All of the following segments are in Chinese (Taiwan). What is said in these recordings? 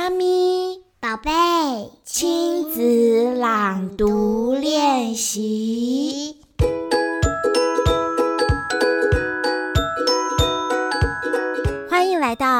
媽咪，寶貝，親子朗讀練習。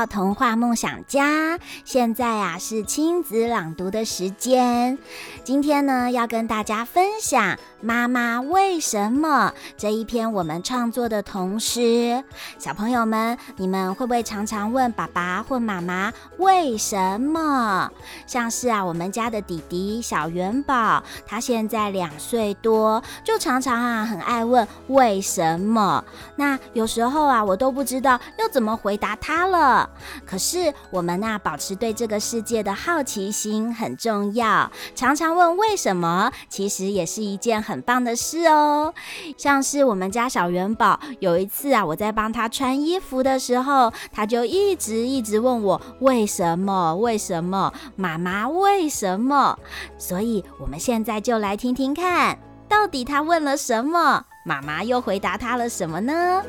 童話夢想家，現在呀、啊、是親子朗讀的時間。今天呢，要跟大家分享《媽媽為什麼》這一篇我們創作的童詩。小朋友們，你們會不會常常問爸爸或媽媽為什麼？像是啊，我們家的弟弟小元寶，他現在兩歲多，就常常啊很愛問為什麼。那有時候啊，我都不知道要怎麼回答他了。可是我們那、啊、保持對這個世界的好奇心很重要。常常問為什麼，其實也是一件很棒的事哦。像是我們家小元寶，有一次啊，我在幫他穿衣服的時候，他就一直一直問我為什麼，為什麼，媽媽為什麼。所以我們現在就來聽聽看，到底他問了什麼，媽媽又回答他了什麼呢？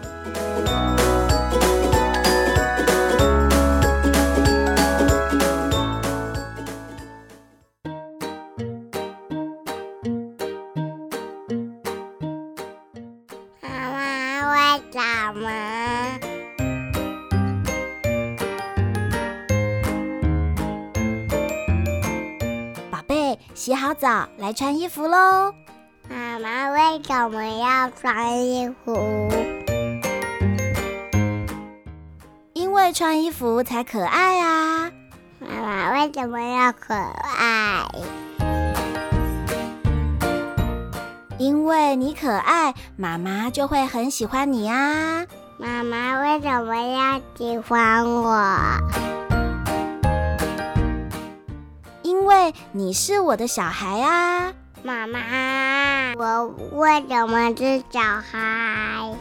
媽媽，寶貝，洗好澡來穿衣服嘍。媽媽，為什麼要穿衣服？因為穿衣服才可愛啊。媽媽，為什麼要可愛？因為你可愛，媽媽就會很喜歡你啊。媽媽，為什麼要喜歡我？因為你是我的小孩啊。媽媽，我為什麼是小孩？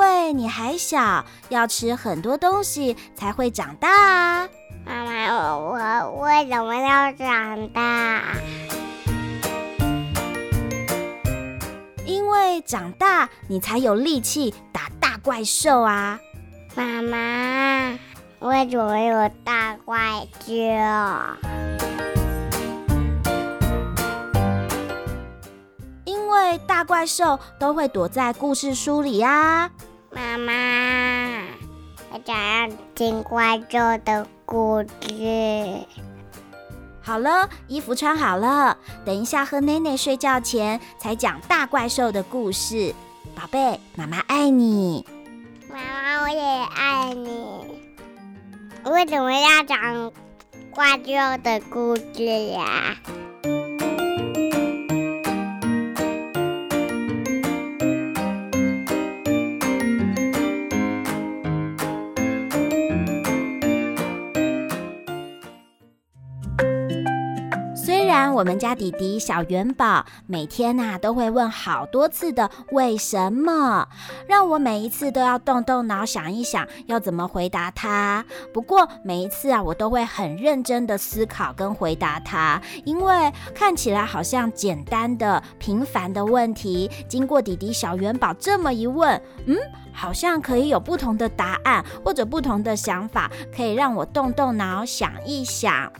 因為你還小，要吃很多東西才會長大啊！媽媽，我我為什麼要長大？因為長大你才有力氣打大怪獸啊！媽媽，為什麼有大怪獸？因為大怪獸都會躲在故事書裡啊！媽媽，我想要聽怪獸的故事。好了，衣服穿好了，等一下喝奶奶睡覺前才講大怪獸的故事。寶貝，媽媽愛你。媽媽，我也愛你。為什麼要講怪獸的故事呀、啊？雖然我們家弟弟小元寶每天啊，都會問好多次的為什麼，讓我每一次都要動動腦想一想要怎麼回答他。不過每一次啊，我都會很認真的思考跟回答他，因為看起來好像簡單的平凡的問題，經過弟弟小元寶這麼一問，嗯，好像可以有不同的答案或者不同的想法，可以讓我動動腦想一想。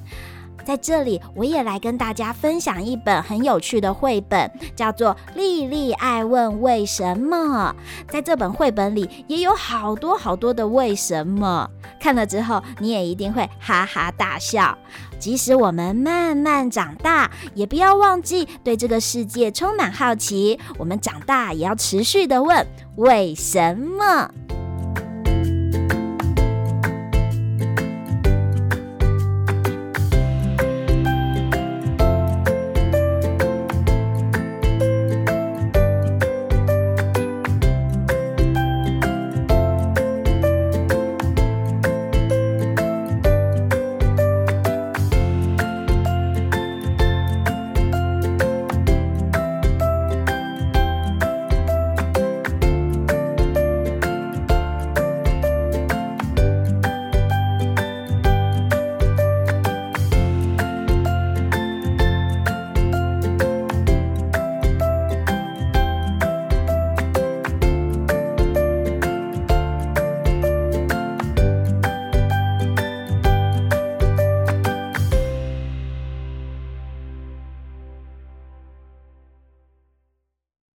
在這裡，我也來跟大家分享一本很有趣的繪本，叫做《莉莉愛問為什麼》。在這本繪本裡，也有好多好多的為什麼。看了之後，你也一定會哈哈大笑。即使我們慢慢長大，也不要忘記對這個世界充滿好奇。我們長大也要持續的問為什麼。